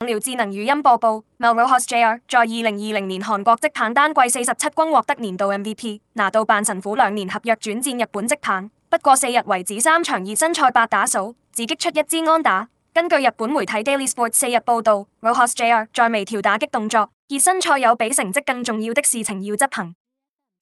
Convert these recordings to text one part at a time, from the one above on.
網聊智能語音播報，Mel Rojas Jr. 在二零二零年韓國職棒單季四十七轟，獲得年度 MVP，拿到阪神虎兩年合約，轉戰日本職棒。不過四日為止三場熱身賽八打數，只擊出一支安打。根據日本媒體 Daily Sports 四日報道，Rojas Jr. 在微調打擊動作，熱身賽有比成績更重要的事情要執行。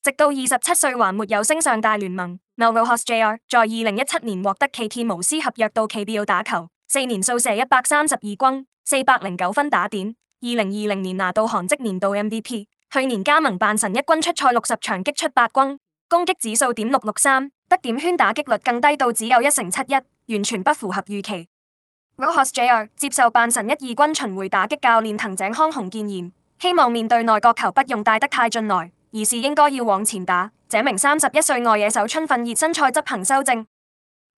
直到二十七歲還沒有升上大聯盟 Mel Rojas Jr. 在二零一七年獲得 KT Wiz 合約到期要打球。四年掃射一百三十二轟，四百零九分打點，二零二零年拿到韓職年度 MVP。去年加盟阪神一軍出賽六十場，擊出八轟，攻擊指數點六六三，得點圈打擊率更低到只有一成七一，完全不符合預期。Rojas Jr 接受阪神一二軍巡回打擊教練藤井康雄建言，希望面對內角球不用帶得太進來，而是應該要往前打。這名三十一歲外野手春訓熱身賽執行修正。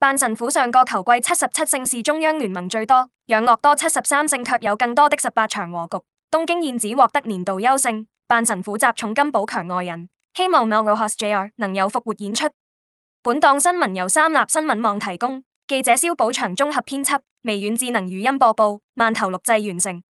阪神虎上個球季七十七勝是中央聯盟最多，養樂多七十三勝卻有更多的十八場和局。東京燕子獲得年度優勝，阪神虎集重金補強外人，希望 Rojas Jr. 能有復活演出。本檔新聞由三立新聞網提供，記者蕭寶祥綜合編輯，微軟智能語音播報，慢頭錄製完成。